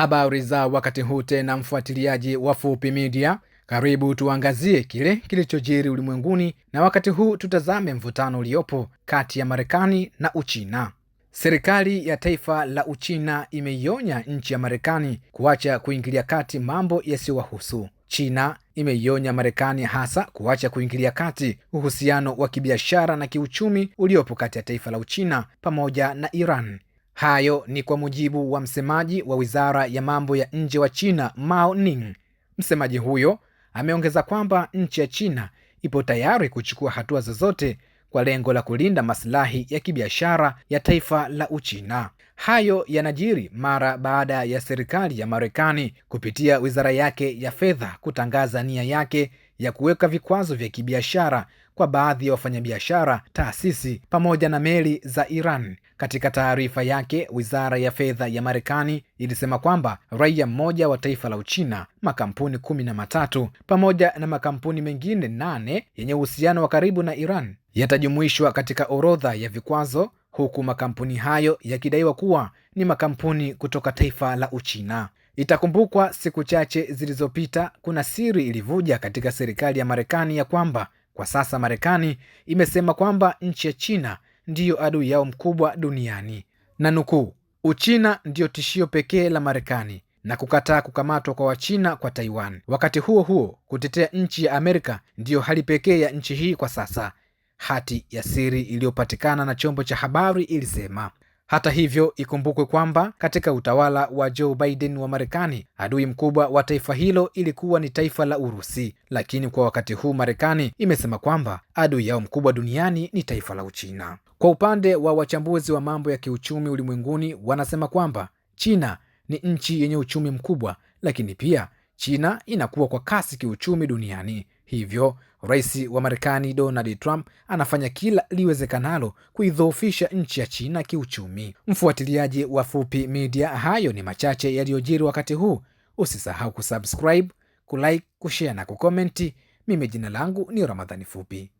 Habari za wakati huu tena, mfuatiliaji wa Fupi Media, karibu tuangazie kile kilichojiri ulimwenguni, na wakati huu tutazame mvutano uliopo kati ya Marekani na Uchina. Serikali ya taifa la Uchina imeionya nchi ya Marekani kuacha kuingilia kati mambo yasiyowahusu. China imeionya Marekani hasa kuacha kuingilia kati uhusiano wa kibiashara na kiuchumi uliopo kati ya taifa la Uchina pamoja na Iran Hayo ni kwa mujibu wa msemaji wa wizara ya mambo ya nje wa China, Mao Ning. Msemaji huyo ameongeza kwamba nchi ya China ipo tayari kuchukua hatua zozote kwa lengo la kulinda masilahi ya kibiashara ya taifa la Uchina. Hayo yanajiri mara baada ya serikali ya Marekani kupitia wizara yake ya fedha kutangaza nia yake ya kuweka vikwazo vya kibiashara kwa baadhi ya wafanyabiashara, taasisi pamoja na meli za Iran. Katika taarifa yake, Wizara ya Fedha ya Marekani ilisema kwamba raia mmoja wa taifa la Uchina, makampuni kumi na matatu pamoja na makampuni mengine nane yenye uhusiano wa karibu na Iran yatajumuishwa katika orodha ya vikwazo huku makampuni hayo yakidaiwa kuwa ni makampuni kutoka taifa la Uchina. Itakumbukwa siku chache zilizopita, kuna siri ilivuja katika serikali ya Marekani ya kwamba kwa sasa Marekani imesema kwamba nchi ya China ndiyo adui yao mkubwa duniani, na nukuu, Uchina ndiyo tishio pekee la Marekani na kukataa kukamatwa kwa Wachina kwa Taiwan. Wakati huo huo, kutetea nchi ya Amerika ndiyo hali pekee ya nchi hii kwa sasa, hati ya siri iliyopatikana na chombo cha habari ilisema. Hata hivyo, ikumbukwe kwamba katika utawala wa Joe Biden wa Marekani, adui mkubwa wa taifa hilo ilikuwa ni taifa la Urusi, lakini kwa wakati huu Marekani imesema kwamba adui yao mkubwa duniani ni taifa la Uchina. Kwa upande wa wachambuzi wa mambo ya kiuchumi ulimwenguni, wanasema kwamba China ni nchi yenye uchumi mkubwa, lakini pia China inakuwa kwa kasi kiuchumi duniani. Hivyo rais wa Marekani Donald Trump anafanya kila liwezekanalo kuidhoofisha nchi ya China kiuchumi. Mfuatiliaji wa Fupi Media, hayo ni machache yaliyojiri wakati huu. Usisahau kusubscribe, kulike, kushare na kukomenti. Mimi jina langu ni Ramadhani Fupi.